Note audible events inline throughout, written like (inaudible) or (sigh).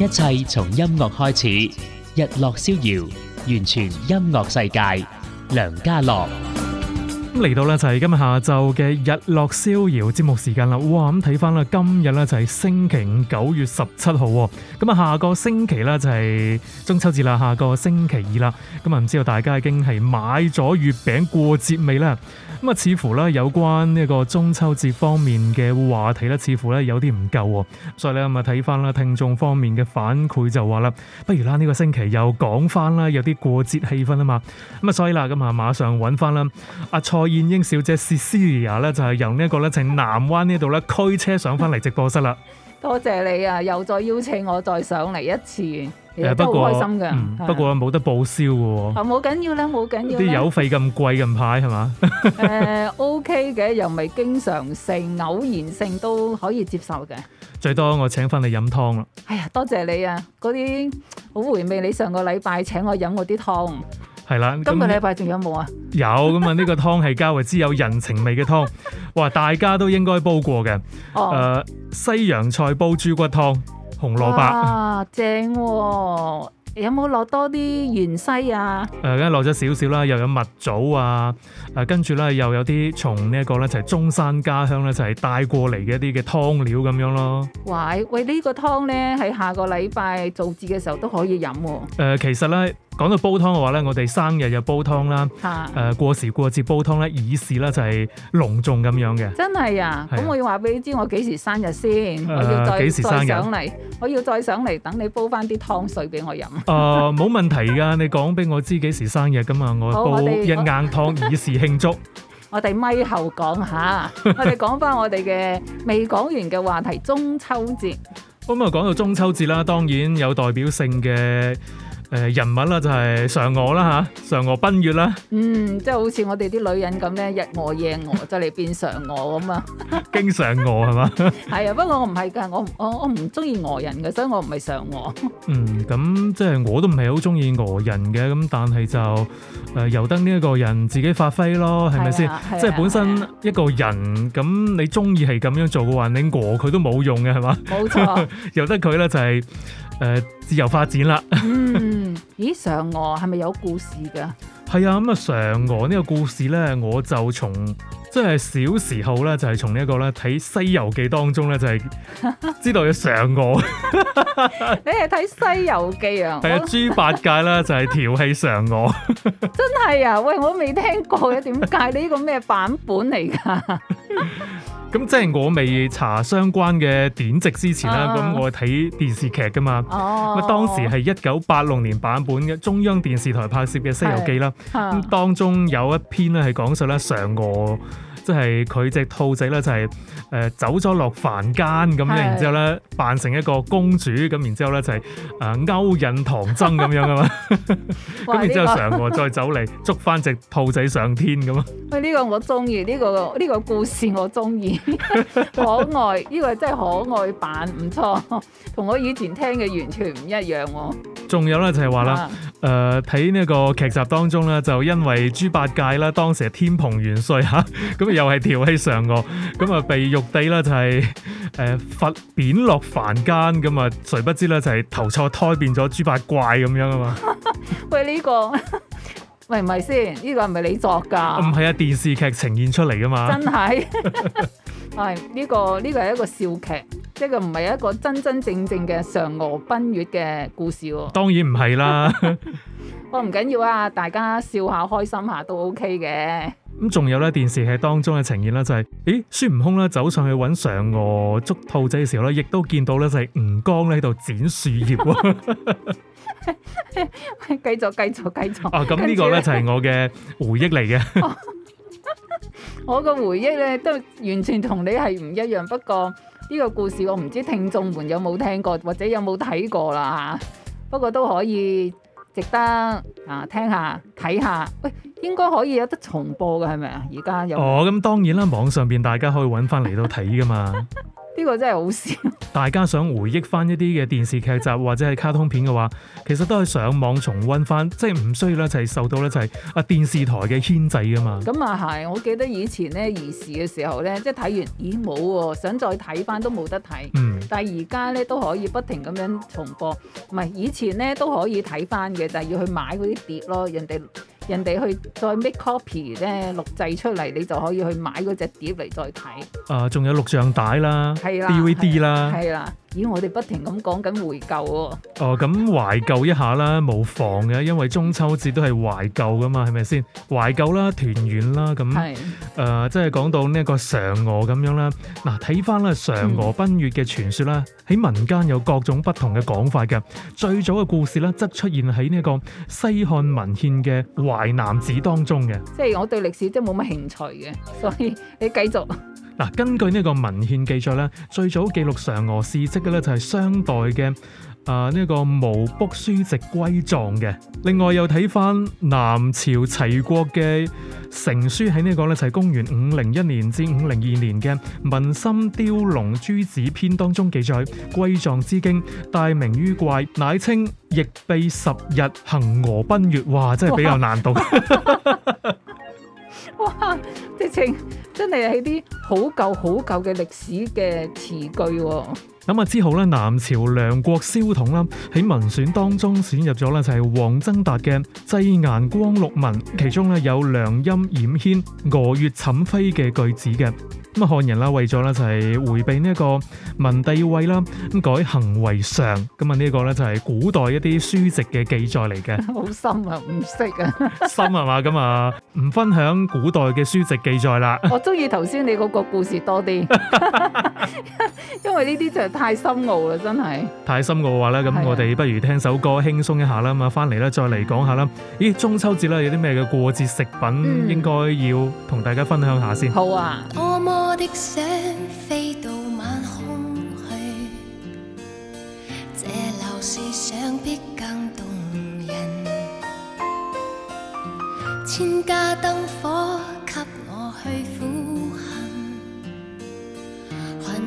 一切從音樂開始，日落逍遙，完全音樂世界。梁嘉樂咁嚟到呢就係今日下晝嘅日落逍遙節目時間啦。哇，咁睇翻啦，今日呢就係星期五，九月十七號。咁啊，下個星期呢，就係中秋節啦，下個星期二啦。咁啊，唔知道大家已經係買咗月餅過節未呢？咁啊，似乎咧有關呢一個中秋節方面嘅話題咧，似乎咧有啲唔夠喎，所以咧咁啊睇翻啦聽眾方面嘅反饋就話啦，不如啦呢個星期又講翻啦，有啲過節氣氛啊嘛，咁啊所以啦咁啊馬上揾翻啦阿蔡燕英小姐 Cecilia 咧就係由呢一個咧請南灣呢度咧驅車上翻嚟直播室啦，多謝你啊，又再邀請我再上嚟一次。誒，不過，開心嗯、不過冇得報銷嘅。冇緊要啦，冇緊要。啲油費咁貴，近排係嘛？誒、 (laughs) 呃、，OK 嘅，又唔係經常性，偶然性都可以接受嘅。最多我請翻你飲湯啦。哎呀，多謝你啊！嗰啲好回味，你上個禮拜請我飲嗰啲湯。係啦，今個禮拜仲有冇啊？有咁啊！呢 (laughs) 個湯係較為之有人情味嘅湯， (laughs) 哇！大家都應該煲過嘅。哦。誒，西洋菜煲豬骨湯。紅蘿蔔，哇正喎、哦！有冇落多啲芫茜啊？誒、呃，梗係落咗少少啦，又有蜜棗啊！誒，跟住咧又有啲從呢、這、一個咧就係、是、中山家鄉咧就係、是、帶過嚟嘅一啲嘅湯料咁樣咯。喂喂，呢、這個湯咧喺下個禮拜做節嘅時候都可以飲喎、啊呃。其實咧。講到煲湯嘅話咧，我哋生日又煲湯啦，誒、呃、過時過節煲湯咧，以示咧就係隆重咁樣嘅。真係啊，咁、啊、我要話俾你知我幾時生日先，呃、我要幾時生日再上嚟，我要再上嚟等你煲翻啲湯水俾我飲。誒、呃，冇問題噶， (laughs) 你講俾我知幾時生日噶嘛，我煲一硬湯，一硬湯 (laughs) 以示慶慶祝。 (laughs) 我哋咪後講下， (laughs) 我哋講翻我哋嘅未講完嘅話題，中秋節。咁、嗯、啊，講到中秋節啦，當然有代表性嘅。誒，人物啦就係嫦娥啦吓，嫦娥奔月啦。嗯，即係好似我哋啲女人咁咧，日訛，夜訛，就嚟變嫦娥咁啊。經常訛係嘛？係啊，不過我唔係噶，我我我唔中意訛人嘅，所以我唔係嫦娥。嗯，咁即係我都唔係好中意訛人嘅，咁但係就誒由得呢一個人自己發揮咯，係咪先？即係本身一個人咁，你中意係咁樣做嘅話，你訛佢都冇用嘅，係嘛？冇錯，由得佢啦，就係。誒、呃，自由發展啦。嗯，咦，嫦娥係咪有故事噶？係啊，咁啊，嫦娥呢個故事咧，我就從即係小時候咧，就係從呢一個咧睇《看西遊記》當中咧，就係、是、知道嘅嫦娥。你係睇《西遊記》啊？係啊，豬八戒啦，就係調戲嫦娥。真係啊！喂，我未聽過嘅，點解你呢個咩版本嚟噶？ (laughs) 咁即係我未查相關嘅典籍之前啦，咁、啊、我睇電視劇㗎嘛，咁、啊、當時係一九八六年版本嘅中央電視台拍攝嘅《西遊記》啦，咁當中有一篇咧係講述咧嫦娥。即係佢隻兔仔咧，就係、是、誒、呃、走咗落凡間咁咧，然之後咧扮成一個公主咁，然之後咧就係誒勾引唐僧咁樣啊嘛，咁 (laughs) (laughs) 然之後嫦娥再走嚟捉翻隻兔仔上天咁啊。喂，呢個我中意，呢、這個呢、這個故事我中意， (laughs) 可愛，呢 (laughs) 個真係可愛版錯，唔錯，同我以前聽嘅完全唔一樣、啊。仲有咧就係話啦，誒睇呢個劇集當中咧，就因為豬八戒啦，當時係天蓬元帥吓，咁、啊。嗯 (laughs) 又係調戲嫦娥，咁啊被玉帝啦就係誒罰貶落凡間，咁啊誰不知啦就係、是、投錯胎變咗豬八怪咁樣啊嘛、 (laughs) 這個。喂呢、這個喂唔係先，呢個係咪你作噶？唔係啊，電視劇呈現出嚟噶嘛。真係係呢個呢、這個係一個笑劇，即係佢唔係一個真真正正嘅嫦娥奔月嘅故事、啊。當然唔係啦，我唔緊要啊，大家笑下開心下都 OK 嘅。咁仲有咧電視劇當中嘅呈現啦、就是，就係，誒孫悟空咧走上去揾嫦娥捉兔仔嘅時候咧，亦都見到咧就係吳剛咧喺度剪樹葉 (laughs) 繼續繼續繼續。啊，咁呢這這個咧就係我嘅回憶嚟嘅。我嘅回憶咧都完全同你係唔一樣，不過呢個故事我唔知聽眾們有冇聽過或者有冇睇過啦吓，不過都可以。值得啊，聽下睇下，喂，應該可以有得重播嘅係咪啊？而家有哦，咁當然啦，網上邊大家可以揾翻嚟度睇㗎嘛。 (laughs) 呢、這個真係好笑！大家想回憶翻一啲嘅電視劇集或者係卡通片嘅話， (laughs) 其實都係上網重溫翻，即係唔需要咧就受到咧就啊電視台嘅牽制㗎嘛。咁啊係，我記得以前呢，兒時嘅時候呢，即係睇完，咦冇喎、哦，想再睇翻都冇得睇。嗯，但係而家呢，都可以不停咁樣重播，唔係以前呢，都可以睇翻嘅，就係、是、要去買嗰啲碟咯，人哋。人哋去再 make copy 咧，錄製出嚟，你就可以去買嗰隻碟嚟再睇。啊，仲有錄像帶啦，DVD 啦，係啦。咦，我哋不停咁講緊回舊喎、哦。哦，咁懷舊一下啦，冇 (laughs) 妨嘅，因為中秋節都係懷舊噶嘛，係咪先？懷舊啦，團圓啦，咁誒、呃，即係講到呢一個嫦娥咁樣啦。嗱，睇翻啦，嫦娥奔月嘅傳說啦，喺民間有各種不同嘅講法嘅。最早嘅故事咧，則出現喺呢個西漢文獻嘅《淮南子》當中嘅。即係我對歷史真係冇乜興趣嘅，所以你繼續。根據呢個文獻記載咧，最早記錄嫦娥事蹟嘅咧就係商代嘅啊呢個巫卜書籍《歸藏》嘅。另外又睇翻南朝齊國嘅成書喺呢個咧就係、是、公元五零一年至五零二年嘅《文心雕龍》諸子篇當中記載，《歸藏之經》大明於怪，乃稱翼背十日，行娥奔月。哇！真係比較難讀。 (laughs) 哇！直情真係係啲好舊、好舊嘅歷史嘅詞句喎。咁啊之後咧，南朝梁國蕭統啦喺文選當中選入咗咧就係王曾達嘅《祭顏光祿文》，其中咧有梁“涼陰掩軒，俄月寢輝”嘅句子嘅。咁啊漢人啦為咗咧就係回避呢一個文帝位啦，咁改行為常。咁啊呢個咧就係古代一啲書籍嘅記載嚟嘅。好深啊，唔識啊。 (laughs) 深啊嘛，咁啊唔分享古代嘅書籍記載啦。我中意頭先你嗰個故事多啲， (laughs) 因為呢啲就係。太深奧啦，真係。太深奧話啦。咁我哋不如聽首歌輕鬆一下啦，咁啊翻嚟呢，再嚟講下啦。咦，中秋節喇有啲咩嘅過節食品、嗯、應該要同大家分享下先、嗯。好啊。多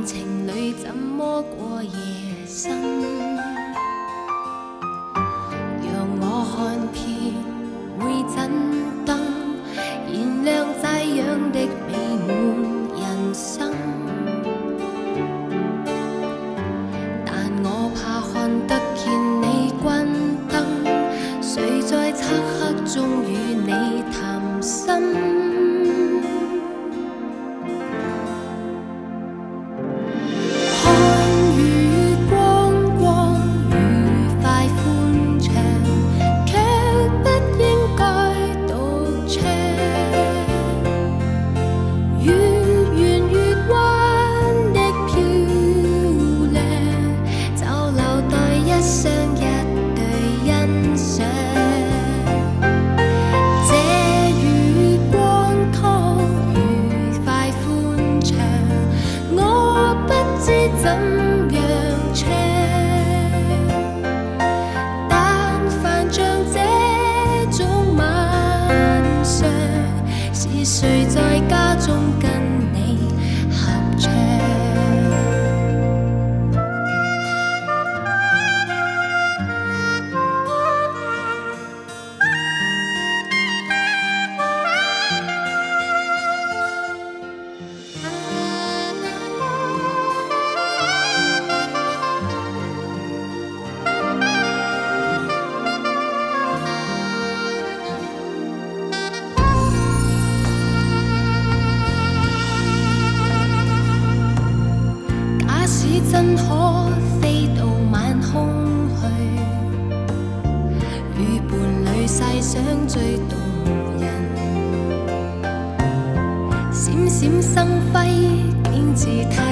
情侶怎麼過夜深？讓我看遍每盞燈，燃亮世樣的美。閃閃生輝，點自嘆。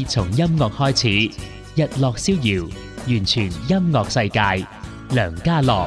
從音樂開始，日落逍遙，完全音樂世界，梁嘉樂。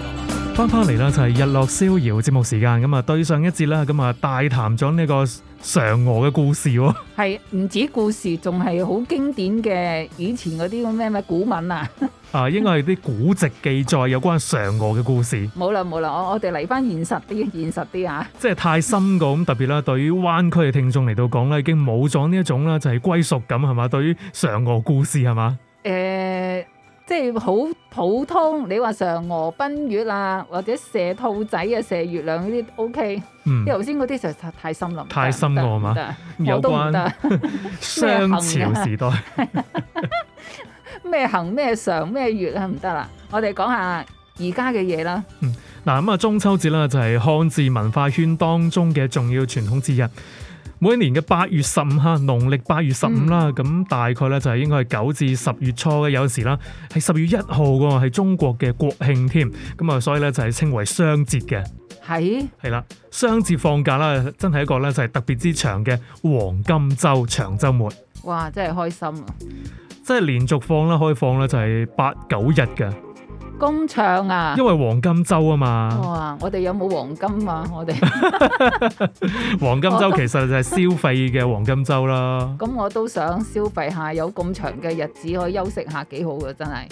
翻返嚟啦，就係日落逍遙節目時間咁啊！對上一節啦，咁啊大談咗呢個嫦娥嘅故事。係唔止故事，仲係好經典嘅，以前嗰啲咁咩咩古文啊？ (laughs) 啊，應該係啲古籍記載有關嫦娥嘅故事。冇啦冇啦，我我哋嚟翻現實啲，現實啲吓，啊。 (laughs) 即係太深噶，咁特別啦，對於灣區嘅聽眾嚟到講咧，已經冇咗呢一種啦，就係歸屬感係嘛？對於嫦娥故事係嘛？誒。呃即係好普通，你話嫦娥奔月啊，或者射兔仔啊，射月亮嗰啲 OK。因為頭先嗰啲實實太深啦，太深奧嘛，有關商 (laughs) 朝時代咩行咩嫦咩月啊，唔得啦。我哋講下而家嘅嘢啦。嗯，嗱咁啊，中秋節啦，就係漢字文化圈當中嘅重要傳統之一。每年嘅八月十五哈，農曆八月十五啦，咁、嗯、大概咧就係應該係九至十月初嘅，有時啦係十月一號嘅，係中國嘅國慶添，咁啊所以咧就係稱為雙節嘅，係係啦，雙節放假啦，真係一個咧就係特別之長嘅黃金周長週末，哇，真係開心啊，即係連續放啦，開放啦就係八九日嘅。工場啊，因為黃金周啊嘛。哇、哦！我哋有冇黃金啊？我哋 (laughs) (laughs) 黃金周其實就係消費嘅黃金周啦。咁我都想消費下，有咁長嘅日子可以休息下，幾好噶，真係。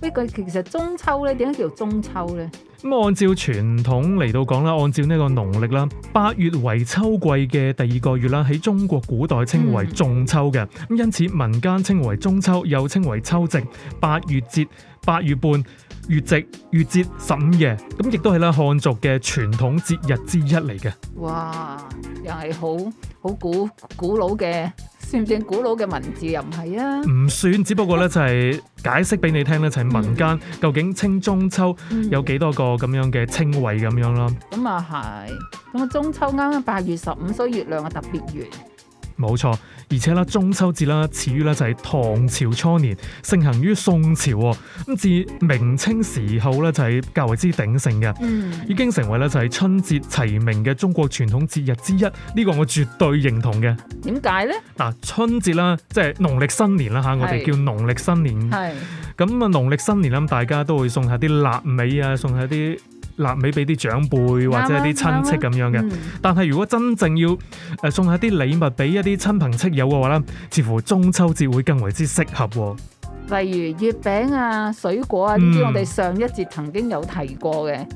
呢個其實中秋咧，點解叫中秋呢？咁按照傳統嚟到講啦，按照呢個農曆啦，八月為秋季嘅第二個月啦，喺中國古代稱為仲秋嘅。咁、嗯、因此民間稱為中秋，又稱為秋夕、八月節、八月半。月夕、月節、十五夜，咁亦都係啦，漢族嘅傳統節日之一嚟嘅。哇，又係好好古古老嘅，算唔算古老嘅文字又唔係啊？唔算，只不過咧就係解釋俾你聽咧，就係民間、嗯、究竟稱中秋有幾多個咁樣嘅稱謂咁樣咯。咁啊係，咁啊中秋啱啱八月十五，所以月亮啊特別圓。冇錯。而且啦，中秋節啦，始於咧就係唐朝初年，盛行於宋朝，咁至明清時候咧就係較為之鼎盛嘅，已經成為咧就係春節齊名嘅中國傳統節日之一。呢個我絕對認同嘅。點解咧？嗱，春節啦，即係農曆新年啦嚇，我哋叫農曆新年，咁啊農曆新年啦，大家都會送下啲臘味啊，送下啲。臘尾俾啲長輩或者係啲親戚咁樣嘅，啊啊嗯，但係如果真正要誒送下啲禮物俾一啲親朋戚友嘅話咧，似乎中秋節會更為之適合喎。例如月餅啊、水果啊，呢啲我哋上一節曾經有提過嘅。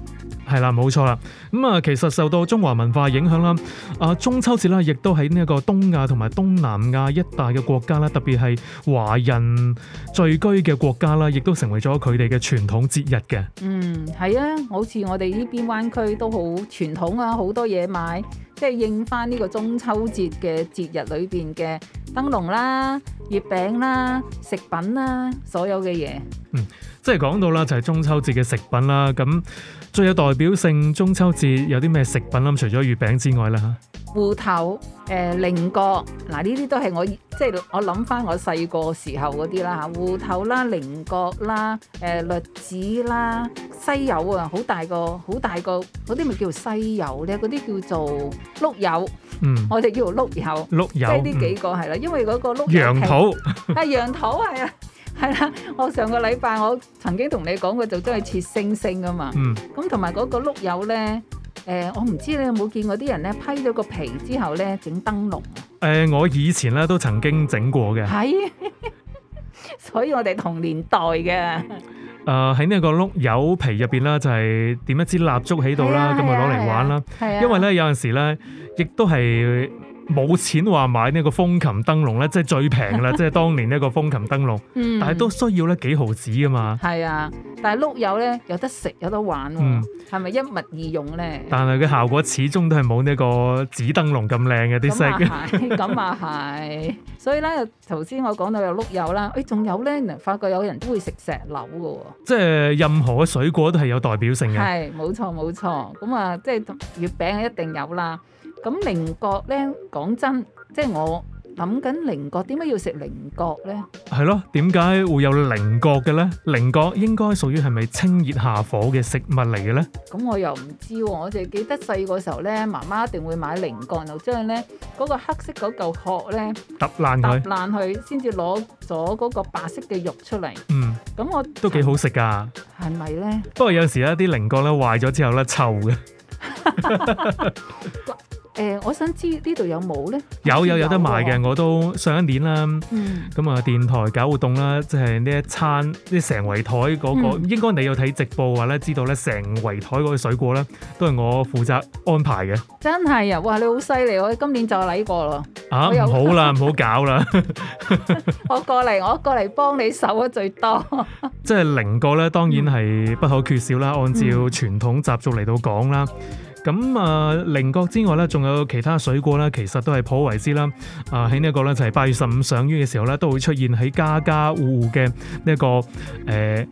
係啦，冇錯啦。咁啊，其實受到中華文化影響啦，啊，中秋節啦，亦都喺呢一個東亞同埋東南亞一帶嘅國家啦，特別係華人聚居嘅國家啦，亦都成為咗佢哋嘅傳統節日嘅。嗯，係啊，好似我哋呢邊灣區都好傳統啊，好多嘢買，即係應翻呢個中秋節嘅節日裏邊嘅燈籠啦、月餅啦、食品啦，所有嘅嘢。嗯，即係講到啦，就係中秋節嘅食品啦，咁。最有代表性中秋節有啲咩食品啊？除咗月餅之外啦嚇，芋頭、誒菱角嗱，呢啲都係我即係、就是、我諗翻我細個時候嗰啲啦嚇，芋頭啦、菱角啦、誒、呃、栗子啦、西柚啊，好大個，好大個，嗰啲咪叫做西柚咧？嗰啲叫做碌柚，嗯，我哋叫碌柚，碌柚，即係呢幾個係啦、嗯，因為嗰個碌羊肚，係羊肚係啊。係啦，我上個禮拜我曾經同你講過，就真係切星星噶嘛。咁同埋嗰個碌柚咧，誒，我唔知你有冇見過啲人咧批咗個皮之後咧整燈籠。誒，我以前咧都曾經整過嘅。係，所以我哋同年代嘅。誒，喺呢個碌柚皮入邊咧，就係點一支蠟燭喺度啦，咁啊攞嚟玩啦。係啊，因為咧，有陣時咧，亦都係。冇錢話買呢個風琴燈籠咧，即係最平啦！即係當年呢個風琴燈籠， (laughs) 燈籠嗯、但係都需要咧幾毫紙啊嘛。係啊，但係碌柚咧有得食有得玩，係、嗯、咪一物二用咧？但係佢效果始終都係冇呢個紙燈籠咁靚嘅啲色。嘅、嗯。又係，咁、嗯、啊，係、嗯嗯。所以咧，頭先我講到碌、哎、還有碌柚啦，誒，仲有咧，發覺有人都會食石榴嘅喎。即係任何嘅水果都係有代表性嘅。係冇錯冇錯，咁啊，即係月餅一定有啦。咁菱角咧，講真，即係我諗緊菱角點解要食菱角咧？係咯，點解會有菱角嘅咧？菱角應該屬於係咪清熱下火嘅食物嚟嘅咧？咁我又唔知喎，我就記得細個時候咧，媽媽一定會買菱角，就將咧嗰個黑色嗰嚿殼咧揼爛佢，揼爛佢先至攞咗嗰個白色嘅肉出嚟。嗯，咁我都幾好食㗎。係咪咧？不過有時咧，啲菱角咧壞咗之後咧，臭嘅。誒、呃，我想知呢度有冇呢？有有有得賣嘅，我都上一年啦。咁、嗯、啊，電台搞活動啦，即係呢一餐，呢成圍台嗰、嗰個、嗯，應該你有睇直播嘅話咧，知道咧，成圍台嗰啲水果咧，都係我負責安排嘅。真係啊！哇，你好犀利！我今年就嚟過啦。啊，好啦，唔 (laughs) 好搞啦 (laughs) (laughs) 我過嚟，我過嚟幫你手啊，最多。 (laughs) 即係零個咧，當然係不可缺少啦、嗯。按照傳統習俗嚟到講啦。嗯嗯咁啊，菱、呃、角之外咧，仲有其他水果咧，其實都係普為之啦。啊、呃，喺呢一個咧，就係、是、八月十五賞月嘅時候咧，都會出現喺家家戶戶嘅呢一個誒、呃、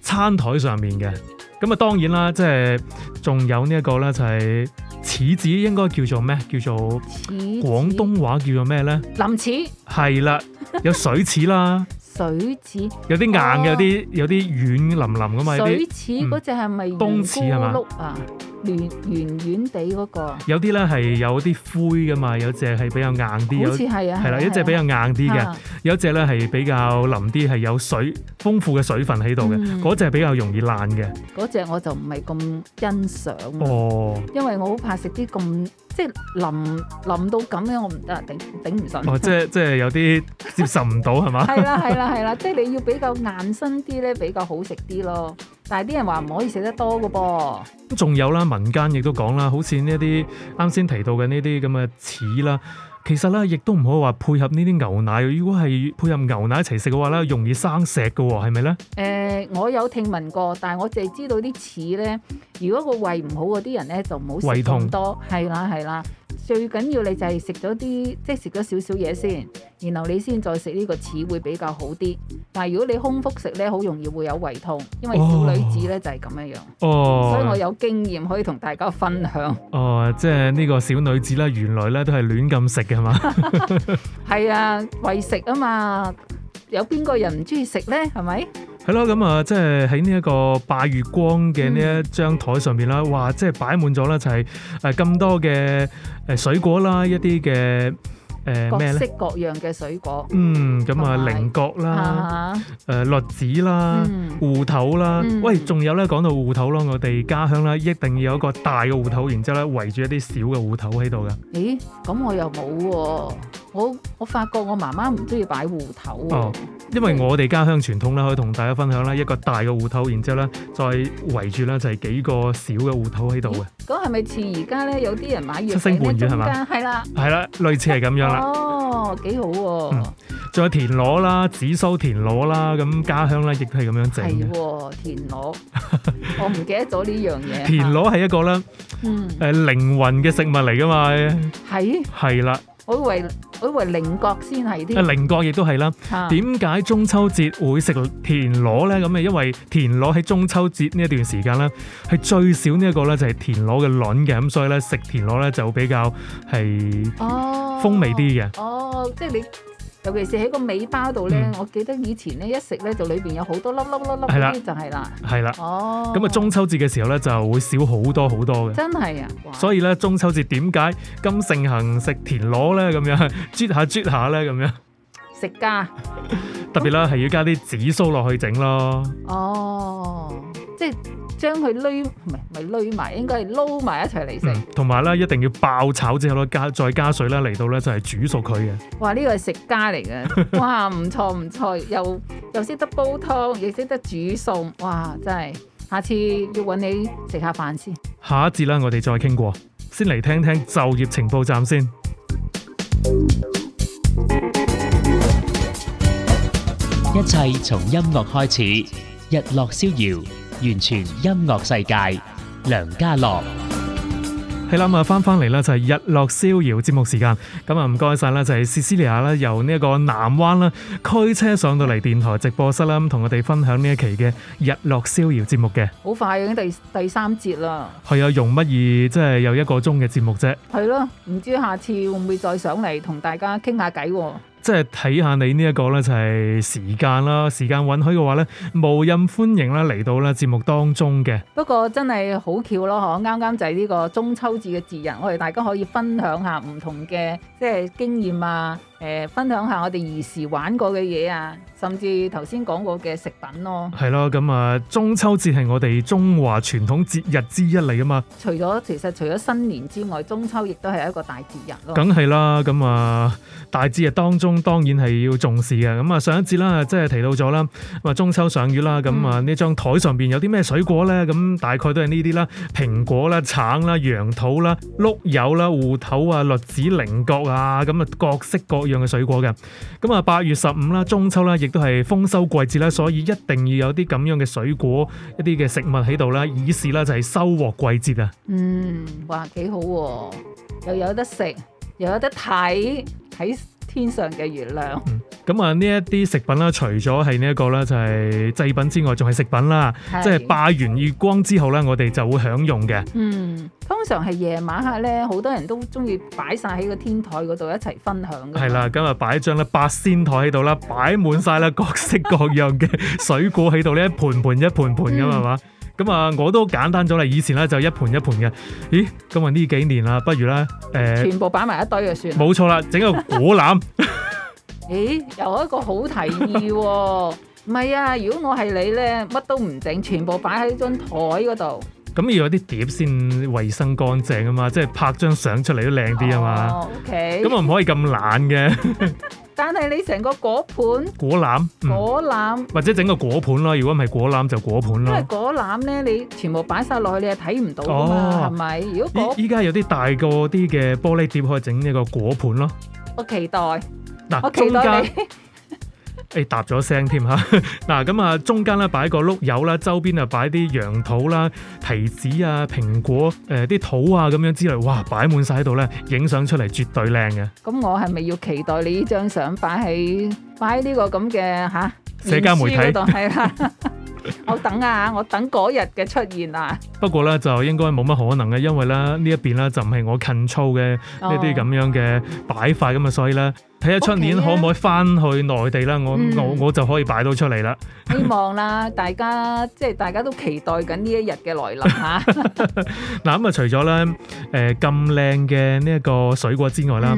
餐台上面嘅。咁啊，當然啦，即係仲有呢一個咧，就係、是、柿子，應該叫做咩？叫做廣東話叫做咩咧？腍柿。係啦，有水柿啦。 (laughs) 水柿。有啲硬，哦、有啲有啲軟腍腍噶嘛。水柿嗰隻係咪冬柿係咪？圓,圓圓地嗰個，有啲咧係有啲灰噶嘛，有隻係比較硬啲，好似係啊，係啦，一隻比較硬啲嘅，有一隻咧係比較腍啲，係有水豐富嘅水分喺度嘅，嗰隻比較容易爛嘅，嗰隻我就唔係咁欣賞，哦，因為我好怕食啲咁，即係腍腍到咁樣，我唔得，頂頂唔順，哦，即係即係有啲接受唔到係嘛，係啦係啦係啦，即係你要比較硬身啲咧，比較好食啲咯。但係啲人話唔可以食得多嘅噃，咁仲有啦，民間亦都講啦，好似呢一啲啱先提到嘅呢啲咁嘅柿啦，其實咧亦都唔可以話配合呢啲牛奶，如果係配合牛奶一齊食嘅話咧，容易生石嘅喎，係咪咧？誒、呃，我有聽聞過，但係我淨係知道啲柿咧，如果個胃唔好嗰啲人咧，就唔好食咁多，胃痛，係啦，係啦。最緊要你就係食咗啲，即係食咗少少嘢先，然後你先再食呢個齒會比較好啲。但係如果你空腹食呢，好容易會有胃痛，因為小女子呢就係咁樣樣。哦，所以我有經驗可以同大家分享。哦，哦，即係呢個小女子呢，原來呢都係亂咁食嘅，係嘛？係 (laughs) (laughs) 啊，為食啊嘛，有邊個人唔中意食呢？係咪？係咯，咁啊，即係喺呢一個拜月光嘅呢一張台上面啦，哇，即係擺滿咗啦，就係誒咁多嘅誒水果啦，一啲嘅誒咩咧？各式各樣嘅水果。嗯，咁啊，菱角啦，誒，栗子啦，芋頭啦，喂，仲有咧，講到芋頭咯，我哋家鄉咧一定要有一個大嘅芋頭，然之後咧圍住一啲小嘅芋頭喺度噶。咦、欸？咁我又冇喎、啊。我我發覺我媽媽唔中意擺芋頭、啊、哦，因為我哋家鄉傳統啦，可以同大家分享啦，一個大嘅芋頭，然之後咧再圍住咧就係幾個小嘅芋頭喺度嘅。咁係咪似而家咧有啲人買？七星伴月係嘛？係啦，係啦，類似係咁樣啦。哦，幾好喎、啊！仲、嗯、有田螺啦，紫蘇田螺啦，咁家鄉咧亦都係咁樣整。係田螺，我唔記得咗呢樣嘢、哦。田螺係 (laughs) 一個咧，嗯，誒、呃，靈魂嘅食物嚟噶嘛？係係啦。對我以為我以為菱角先係啲，啊，菱角亦都係啦。點解中秋節會食田螺咧？咁啊，因為田螺喺中秋節呢一段時間咧，係最少呢一個咧就係田螺嘅卵嘅，咁所以咧食田螺咧就比較係風味啲嘅、哦。哦，即係你。尤其是喺個尾巴度咧、嗯，我記得以前咧一食咧就裏邊有好多粒粒粒的粒咧，就係啦，係啦，哦，咁啊中秋節嘅時候咧就會少好多好多嘅，真係啊，所以咧中秋節點解咁盛行食田螺咧咁樣啜下啜下咧咁樣食㗎，特別啦係、嗯、要加啲紫蘇落去整咯，哦，即係。將佢擂埋，應該係撈埋一齊嚟食。同埋咧，一定要爆炒之後咧，加再加水啦，嚟到咧就係、是、煮熟佢嘅。哇！呢、這個係食家嚟嘅， (laughs) 哇，唔錯唔錯，又又識得煲湯，亦識得煮餸。哇！真係，下次要揾你食下飯先。下一節啦，我哋再傾過。先嚟聽聽就業情報站先。一切從音樂開始，日落逍遙。完全音樂世界，梁家樂。係啦啊，翻翻嚟啦，就係、是、日落逍遙節目時間。咁啊，唔該晒啦，就係 Cecilia 啦，由呢一個南灣啦，驅車上到嚟電台直播室啦，同我哋分享呢一期嘅日落逍遙節目嘅。好快已經，第第三節啦。係啊，容乜易？即、就、係、是、有一個鐘嘅節目啫。係咯，唔知下次會唔會再上嚟同大家傾下偈。即係睇下你呢、這、一個呢，就係、是、時間啦，時間允許嘅話呢，無任歡迎啦，嚟到呢節目當中嘅。不過真係好巧咯，嗬，啱啱就係呢個中秋節嘅節日，我哋大家可以分享下唔同嘅即係經驗啊。誒、呃、分享一下我哋兒時玩過嘅嘢啊，甚至頭先講過嘅食品咯。係咯，咁啊，中秋節係我哋中華傳統節日之一嚟㗎嘛。除咗其實除咗新年之外，中秋亦都係一個大節日咯。梗係啦，咁啊大節日當中當然係要重視嘅。咁啊上一節啦，即係提到咗啦，話中秋賞月啦，咁啊呢、嗯、張台上邊有啲咩水果咧？咁大概都係呢啲啦，蘋果啦、橙啦、楊桃啦、碌柚啦、芋頭啊、栗子、菱角啊，咁啊各式各樣嘅水果嘅，咁啊八月十五啦，中秋啦，亦都係豐收季節啦，所以一定要有啲咁樣嘅水果，一啲嘅食物喺度啦，以示啦就係收穫季節啊。嗯，哇，幾好，又有得食，又有得睇，睇天上嘅月亮。咁啊，呢一啲食品啦，除咗係呢一個啦，就係、是、祭品之外，仲係食品啦，即係拜完月光之後呢，我哋就會享用嘅。嗯，通常係夜晚黑咧，好多人都中意擺晒喺個天台嗰度一齊分享嘅。係啦，咁啊擺張咧八仙台喺度啦，擺滿晒啦，各式各樣嘅水果喺度咧， (laughs) 一盤盤一盤盤咁係嘛。咁、嗯、啊，我都簡單咗啦，以前咧就一盤一盤嘅。咦，咁啊，呢幾年啦，不如咧，誒、呃，全部擺埋一堆就算。冇錯啦，整個果籃。 (laughs) 誒，又一個好提議喎、哦！唔 (laughs) 係啊，如果我係你咧，乜都唔整，全部擺喺張台嗰度。咁要有啲碟先衛生乾淨啊嘛，即係拍張相出嚟都靚啲啊嘛。OK 咁我唔可以咁懶嘅。 (laughs) 但係你成個果盤果籃、嗯、果籃，或者整個果盤咯。如果唔係果籃就果盤咯。因為果籃咧，你全部擺晒落去，你又睇唔到啊嘛，係、哦、咪？如果依家有啲大個啲嘅玻璃碟，可以整呢個果盤咯。我期待。嗱，我期待你，誒、 (laughs) 哎，答咗聲添吓。嗱，咁啊，中間咧擺個碌柚啦， (laughs) 周邊啊擺啲楊桃啦、提子啊、蘋果誒，啲桃啊咁樣之類，哇，擺滿晒喺度咧，影相出嚟絕對靚嘅。咁我係咪要期待你呢張相擺喺擺喺呢個咁嘅吓？社、啊、交媒體度係啦， (laughs) 我等啊，我等嗰日嘅出現啊。不過咧就應該冇乜可能嘅，因為咧呢這一邊咧就唔係我近操嘅呢啲咁樣嘅擺法咁啊，oh. 所以咧。睇下出年可唔可以翻去內地啦，我我我就可以擺到出嚟啦。希望啦，大家即係大家都期待緊呢一日嘅來臨嚇。嗱，咁啊，除咗咧誒咁靚嘅呢一個水果之外啦，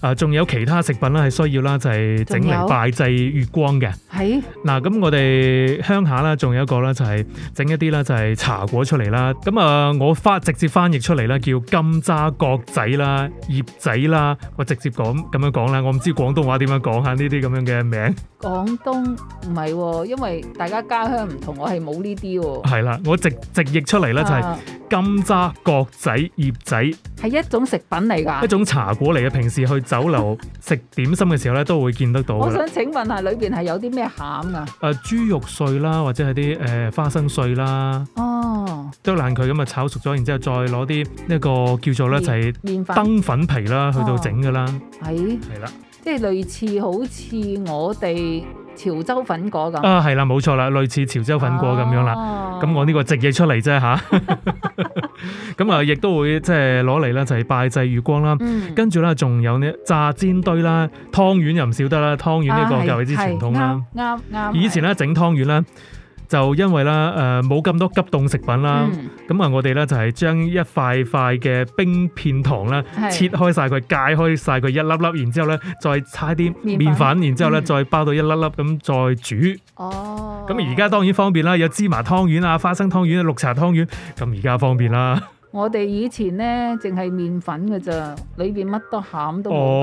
啊、嗯、仲、呃、有其他食品啦係需要啦，就係整嚟拜祭月光嘅。係嗱咁，我哋鄉下啦，仲有一個咧就係整一啲啦，就係茶果出嚟啦。咁啊、呃，我翻直接翻譯出嚟啦，叫金渣角仔啦、葉仔啦，我直接講咁樣講啦，我。唔知廣東話，點樣講下？呢啲咁樣嘅名？ (laughs) 即、就、係、是、類似好似我哋潮州粉果咁啊，係啦，冇錯啦，類似潮州粉果咁樣啦。咁、啊、我呢個直嘢出嚟啫吓。咁啊，亦 (laughs) (laughs) 都會即係攞嚟啦，就係、是就是、拜祭月光啦、嗯。跟住咧，仲有呢炸煎堆啦，湯圓又唔少得啦。湯圓呢個就為之傳統啦。啱、啊、啱。以前咧整湯圓呢。就因為啦，誒冇咁多急凍食品啦，咁、嗯、啊，我哋咧就係、是、將一塊塊嘅冰片糖咧切開晒，佢，解開晒，佢一粒粒，然之後咧再差啲麵粉，然之後咧再包到一粒粒咁再煮。哦，咁而家當然方便啦，有芝麻湯圓啊、花生湯圓、綠茶湯圓，咁而家方便啦。哦 (laughs) 我哋以前咧，淨係麵粉嘅咋，裏邊乜都餡都冇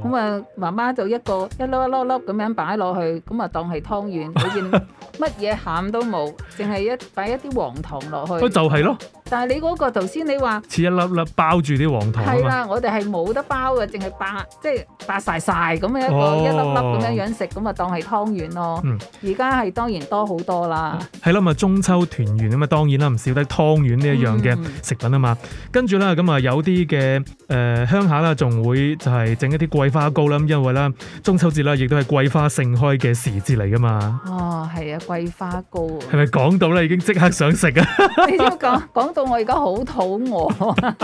噶。咁、哦、啊，就媽媽就一個一粒一粒一粒咁樣擺落去，咁啊當係湯圓。裏邊乜嘢餡都冇，淨係一擺一啲黃糖落去。咁、哦、就係、是、咯。但係你嗰、那個頭先你話，似一粒粒包住啲黃糖一。係啦，我哋係冇得包嘅，淨係白，即係白晒曬咁一個、哦、一粒粒咁樣樣食，咁啊當係湯圓咯。而家係當然多好多啦。係、嗯、咯，咁啊中秋團圓啊嘛，當然啦，唔少得湯圓呢一樣嘅。嗯食品啊嘛，跟住啦，咁啊有啲嘅誒鄉下咧，仲會就係整一啲桂花糕啦。因為咧中秋節咧，亦都係桂花盛開嘅時節嚟噶嘛。哦，係啊，桂花糕。係咪講到咧已經即刻想食 (laughs) (laughs) (laughs) (laughs) 啊？你知講講到我而家好肚餓？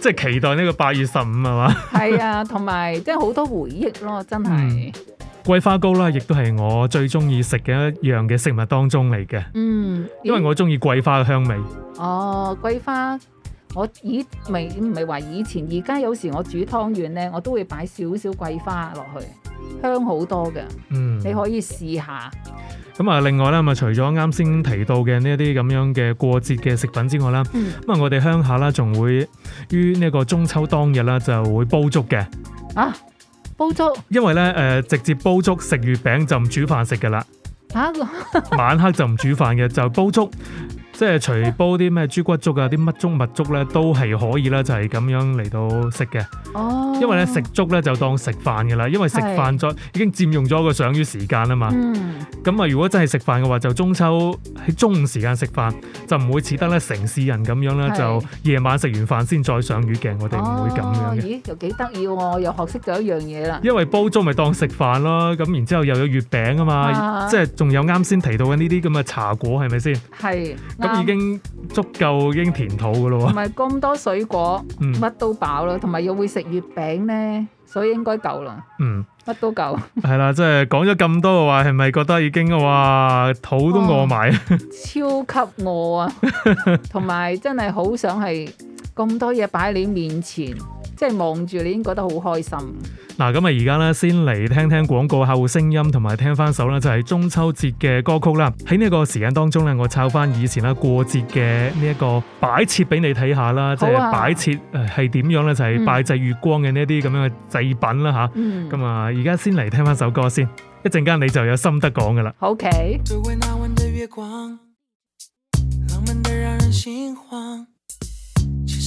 即係期待呢個八月十五係嘛？係啊，同埋即係好多回憶咯，真係。嗯。桂花糕啦，亦都係我最中意食嘅一樣嘅食物當中嚟嘅。嗯，因為我中意桂花嘅香味。哦，桂花，我以未唔係話以前，而家有時我煮湯圓咧，我都會擺少少桂花落去，香好多嘅。嗯，你可以試下。咁啊，另外咧，咪除咗啱先提到嘅呢一啲咁樣嘅過節嘅食品之外啦，咁啊，我哋鄉下啦，仲會於呢個中秋當日啦，就會煲粥嘅。啊？煲粥，因為咧誒、呃，直接煲粥，食月餅就唔煮飯食噶啦。吓、啊， (laughs) 晚黑就唔煮飯嘅，就煲粥。即係除煲啲咩豬骨粥啊，啲乜粥物粥咧，都係可以啦，就係咁樣嚟到食嘅。哦，因為咧食粥咧就當食飯噶啦，因為食飯再已經佔用咗個賞月時間啊嘛。嗯，咁啊，如果真係食飯嘅話，就中秋喺中午時間食飯，就唔會似得咧城市人咁樣啦。就夜晚食完飯先再賞月嘅。我哋唔會咁樣嘅。哦，咦，又幾得意喎！又學識咗一樣嘢啦。因為煲粥咪當食飯咯，咁然之後又有月餅啊嘛，啊即係仲有啱先提到嘅呢啲咁嘅茶果係咪先？係。是已經足夠，已經填肚噶咯，同埋咁多水果，乜都飽啦，同、嗯、埋又會食月餅呢，所以應該夠啦，嗯，乜都夠。係啦，即係講咗咁多嘅話，係咪覺得已經哇，肚都餓埋，超級餓啊！同 (laughs) 埋真係好想係咁多嘢擺喺你面前。即係望住，你已經覺得好開心。嗱，咁啊，而家咧先嚟聽聽廣告後聲音，同埋聽翻首咧就係中秋節嘅歌曲啦。喺呢一個時間當中咧，我抄翻以前啦過節嘅呢一個擺設俾你睇下啦，即係擺設誒係點樣咧？就係、是就是、拜祭月光嘅呢啲咁樣嘅祭品啦吓。咁啊，而、嗯、家先嚟聽翻首歌先，一陣間你就有心得講噶啦。好、okay、嘅。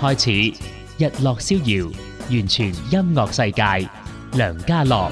開始，日落逍遙，完全音樂世界，梁嘉樂。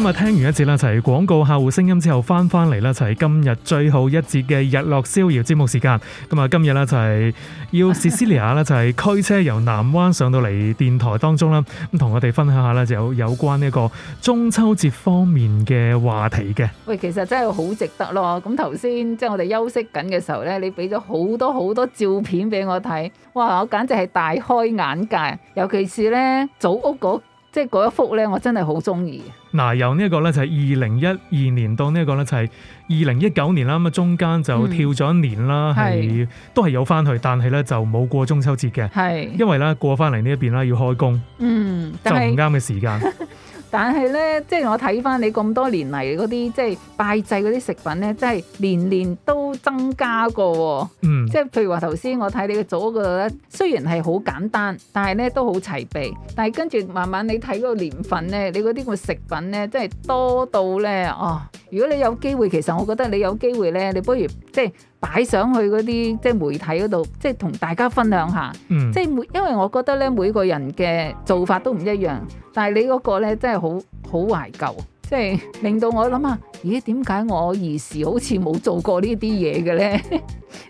咁聽完一節啦，就係廣客戶聲音之後回來，翻翻嚟啦，就係今日最後一節嘅日落逍遙節目時間。咁啊，今日咧就係要 Cecilia 啦，就係驅車由南灣上到嚟電台當中啦，咁同我哋分享下就有有關呢個中秋節方面嘅話題嘅。喂，其實真係好值得咯。咁頭先即係我哋休息緊嘅時候呢，你俾咗好多好多照片俾我睇，哇！我簡直係大開眼界，尤其是呢祖屋嗰。即係嗰一幅咧，我真係好中意。嗱、啊，由呢一個咧就係二零一二年到呢一個咧就係二零一九年啦，咁中間就跳咗一年啦，係、嗯、都係有翻去，但係咧就冇過中秋節嘅，因為咧過翻嚟呢一邊啦要開工，嗯，等等就唔啱嘅時間。 (laughs) 但係咧，即係我睇翻你咁多年嚟嗰啲即係拜祭嗰啲食品咧，真係年年都增加過喎、哦。嗯，即係譬如話頭先，我睇你嘅左嗰度咧，雖然係好簡單，但係咧都好齊備。但係跟住慢慢你睇個年份咧，你嗰啲個食品咧，真係多到咧哦、啊。如果你有機會，其實我覺得你有機會咧，你不如即係。擺上去嗰啲即係媒體嗰度，即係同大家分享下，嗯、即係每因為我覺得咧，每個人嘅做法都唔一樣，但係你嗰個咧真係好好懷舊，即係令到我諗下，咦點解我兒時好似冇做過呢啲嘢嘅咧？ (laughs)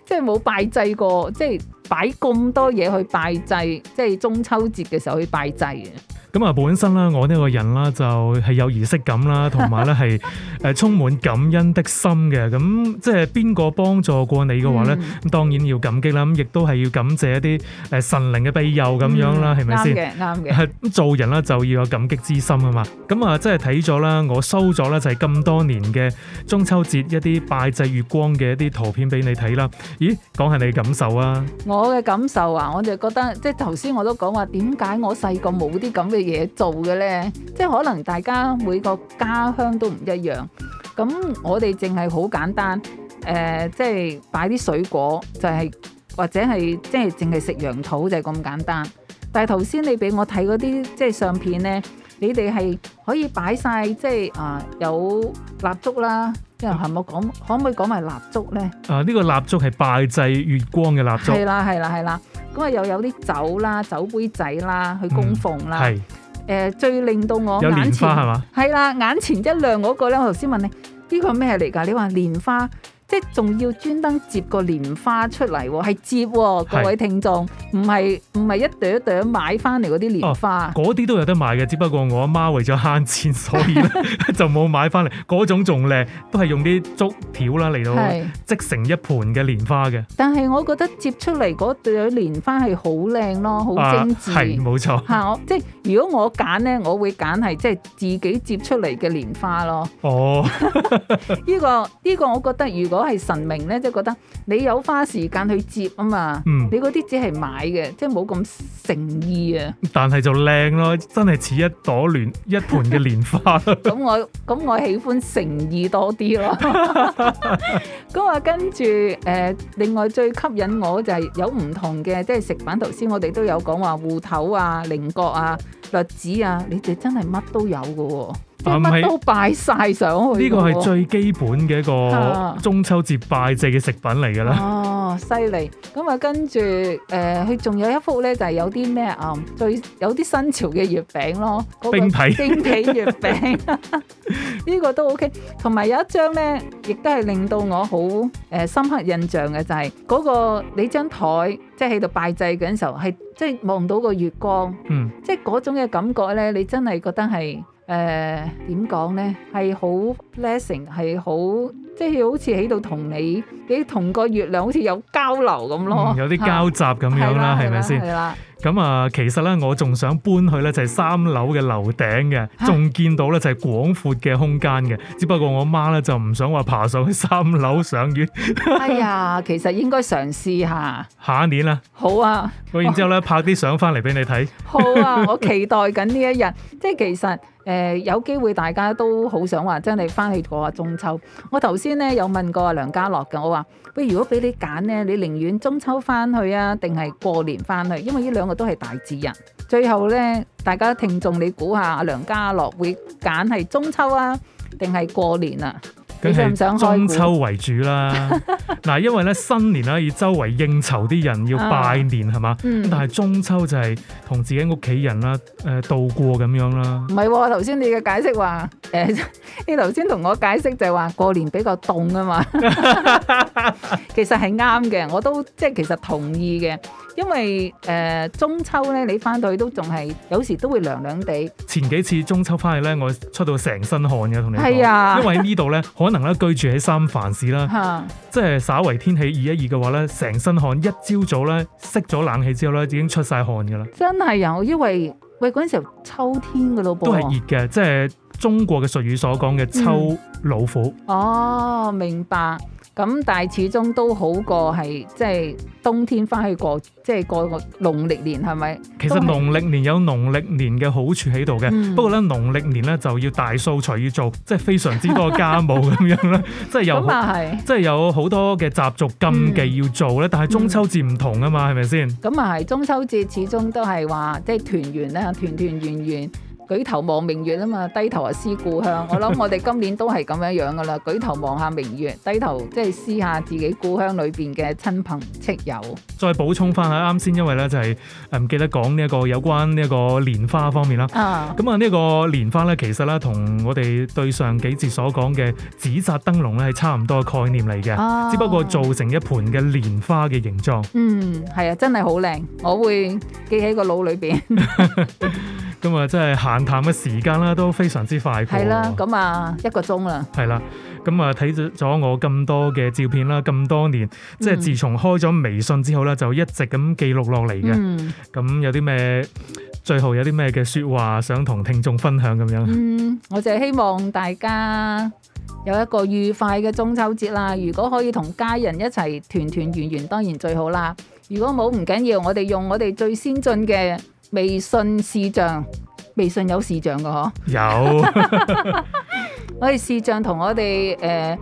即係冇拜祭過，即係擺咁多嘢去拜祭，即係中秋節嘅時候去拜祭嘅。咁啊，本身啦，我呢個人啦，就係有儀式感啦，同埋咧係誒充滿感恩的心嘅。咁即係邊個幫助過你嘅話咧，咁當然要感激啦。咁亦都係要感謝一啲誒神靈嘅庇佑咁樣啦，係咪先？啱嘅，啱嘅。咁做人啦，就要有感激之心啊嘛。咁啊，即係睇咗啦，我收咗啦，就係咁多年嘅中秋節一啲拜祭月光嘅一啲圖片俾你睇啦。咦，講下你感受啊？我嘅感受啊，我就覺得即係頭先我都講話，點解我細個冇啲咁嘅。嘢做嘅咧，即係可能大家每個家鄉都唔一樣。咁我哋淨係好簡單，誒、呃，即係擺啲水果，就係，就係或者係即係淨係食羊草就係咁簡單。但係頭先你俾我睇嗰啲即係相片咧，你哋係可以擺晒，即係啊有蠟燭啦。係冇講，可唔可以講埋蠟燭咧？啊，呢、這個蠟燭係拜祭月光嘅蠟燭。係啦，係啦，係啦。咁啊，啊啊又有啲酒啦、酒杯仔啦，去供奉啦。係、嗯。誒、呃，最令到我眼前係啦、啊，眼前一亮嗰、那個咧，我頭先問你，呢、這個係咩嚟㗎？你話蓮花。即仲要專登接個蓮花出嚟喎，係接喎，各位聽眾，唔係唔係一朵朵買翻嚟嗰啲蓮花，嗰、哦、啲都有得賣嘅，只不過我阿媽為咗慳錢，所以 (laughs) 就冇買翻嚟嗰種仲靚，都係用啲竹條啦嚟到織成一盤嘅蓮花嘅。但係我覺得接出嚟嗰朵蓮花係好靚咯，好精緻，係、啊、冇錯嚇。我即係如果我揀咧，我會揀係即係自己接出嚟嘅蓮花咯。哦，呢個呢個，呢個、我覺得如果都係神明咧，即係覺得你有花時間去接啊嘛，嗯、你嗰啲只係買嘅，即係冇咁誠意啊。但係就靚咯，真係似一朵蓮，一盆嘅蓮花。咁 (laughs) (laughs) 我咁我喜歡誠意多啲咯。咁啊，跟住誒，另外最吸引我就係有唔同嘅，即係食品頭先，我哋都有講話芋頭啊、菱角啊、栗子啊，你哋真係乜都有噶喎。乜都拜晒上去，呢個係最基本嘅一個中秋節拜祭嘅食品嚟噶啦。哦，犀利！咁啊，跟住誒，佢仲有一幅咧，就係有啲咩啊，最有啲新潮嘅月餅咯，冰皮冰皮月餅。呢個都 OK，同埋有一張咧，亦都係令到我好誒深刻印象嘅，就係嗰個你張台，即係喺度拜祭嘅時候，係即係望到個月光，嗯，即係嗰種嘅感覺咧，你真係覺得係。誒，點講呢？係好 lessing，係好即係好似喺度同你，你同個月亮好似有交流咁咯、嗯，有啲交集咁樣啦，係咪先？係啦、啊。咁啊，啊，啊，啊，啊，其實咧，我仲想搬去咧就係三樓嘅樓頂嘅，仲見、啊、到咧就係廣闊嘅空間嘅。只不過我媽咧就唔想話爬上去三樓賞月。哎呀， (laughs) 其實應該嘗試下。下一年啦。好啊。我然之後咧拍啲相翻嚟俾你睇。好啊，我期待緊呢一日。 (laughs) 即係其實誒、呃、有機會大家都好想話真係翻去過下中秋。我頭。先呢有問過阿梁家樂嘅，我話：喂，如果俾你揀呢，你寧願中秋返去啊，定係過年返去？因為呢兩個都係大節日。最後呢，大家聽眾，你估下阿梁家樂會揀係中秋啊，定係過年啊？咁係中秋為主啦，嗱， (laughs) 因為咧新年啦以周圍應酬啲人，要拜年係嘛、啊嗯，但係中秋就係同自己屋企人啦誒、呃、度過咁樣啦。唔係、哦，頭先你嘅解釋話誒、呃，你頭先同我解釋就係話過年比較凍啊嘛， (laughs) (laughs) 其實係啱嘅，我都即係其實同意嘅，因為、呃、中秋咧你翻到去都仲係有時都會涼涼地。前幾次中秋翻去咧，我出到成身汗嘅，同你講、啊，因為喺呢度咧 (laughs) 能啦，居住喺三藩市啦，即係稍為天氣熱一熱嘅話咧，成身汗，一朝早咧熄咗冷氣之後咧，已經出晒汗噶啦。真係有，因為喂嗰陣時候秋天嘅老都係熱嘅，即係中國嘅術語所講嘅秋老虎、嗯。哦，明白。咁但係始終都好過係即係冬天翻去過即係、就是、過個農曆年係咪？其實農曆年有農曆年嘅好處喺度嘅，不過咧農曆年咧就要大掃除要做，即係非常之多家務咁 (laughs) 樣咧，即係有、嗯、即係有好多嘅習俗禁忌要做咧。但係中秋節唔同啊嘛，係咪先？咁啊係，嗯、中秋節始終都係話即係團圓啦，團團圓圓。舉頭望明月啊嘛，低頭啊思故鄉。我諗我哋今年都係咁樣樣噶啦。 (laughs) 舉頭望下明月，低頭即係思下自己故鄉裏邊嘅親朋戚友。再補充翻下啱先 (laughs) 因為咧就係誒唔記得講呢一個有關呢一個蓮花方面啦。啊，咁啊呢個蓮花咧，其實咧同我哋對上幾節所講嘅紙紮燈籠咧係差唔多嘅概念嚟嘅，啊。只不過做成一盤嘅蓮花嘅形狀。嗯，係啊，真係好靚，我會記喺個腦裏邊。 (laughs) 咁啊，即係閒談嘅時間啦，都非常之快。係啦，咁啊，一個鐘啦。係啦，咁啊，睇咗我咁多嘅照片啦，咁多年，嗯、即係自從開咗微信之後咧，就一直咁記錄落嚟嘅。咁、嗯、有啲咩？最後有啲咩嘅説話想同聽眾分享咁樣？嗯，我就係希望大家有一個愉快嘅中秋節啦。如果可以同家人一齊團,團團圓圓，當然最好啦。如果冇，唔緊要，我哋用我哋最先進嘅。微信視像，微信有視像嘅呵，有 (laughs) ， (laughs) 我哋視像同我哋、呃、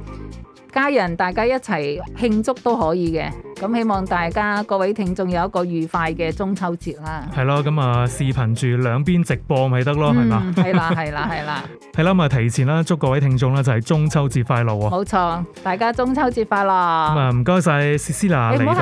家人大家一齊慶祝都可以嘅。咁希望大家各位聽眾有一個愉快嘅中秋節啦。係咯，咁啊視頻住兩邊直播咪得咯，係、嗯、嘛？係啦，係啦，係啦。係啦，咁 (laughs) 啊提前啦，祝各位聽眾咧就係、是、中秋節快樂。冇錯，大家中秋節快樂。咁啊唔該晒，施詩娜嚟到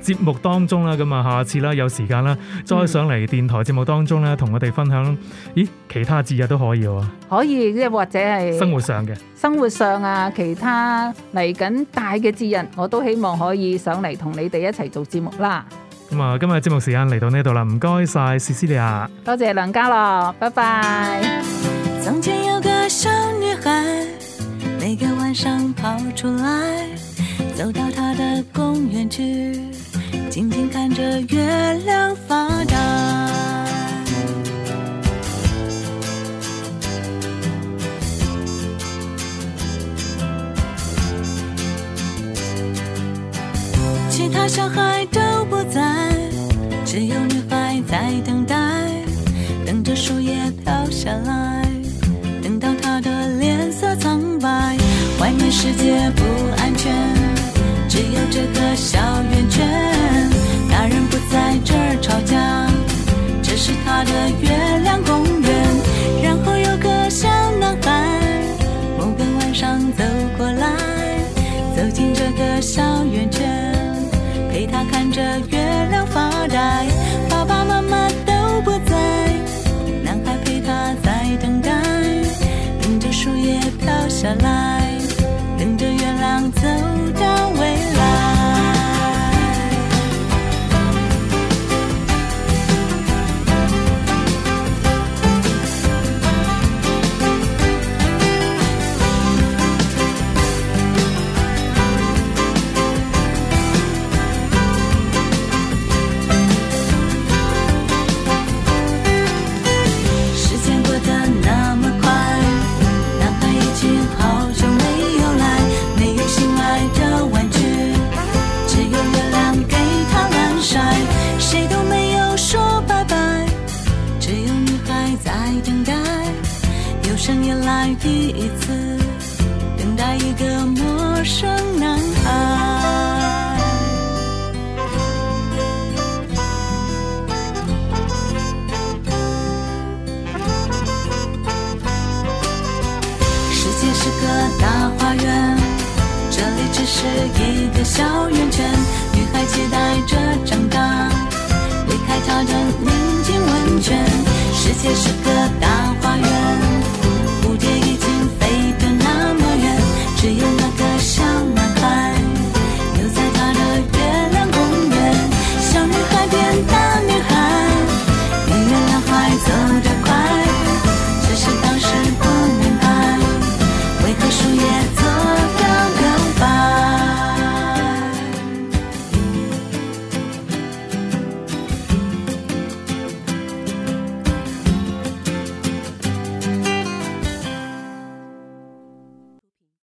節目當中啦。咁啊，下次啦有時間啦，再上嚟電台節目當中咧，同我哋分享、嗯。咦，其他節日都可以喎？可以，即係或者係生活上嘅生活上啊，其他嚟緊大嘅節日，我都希望可以上嚟同。同你哋一齊做節目啦！咁啊，今日節目時間嚟到呢度啦，唔該晒，史思利啊，多謝梁嘉樂，拜拜。從前有個小女孩，每個晚上跑出嚟，走到她的公園去，靜靜看著月亮發呆。世界。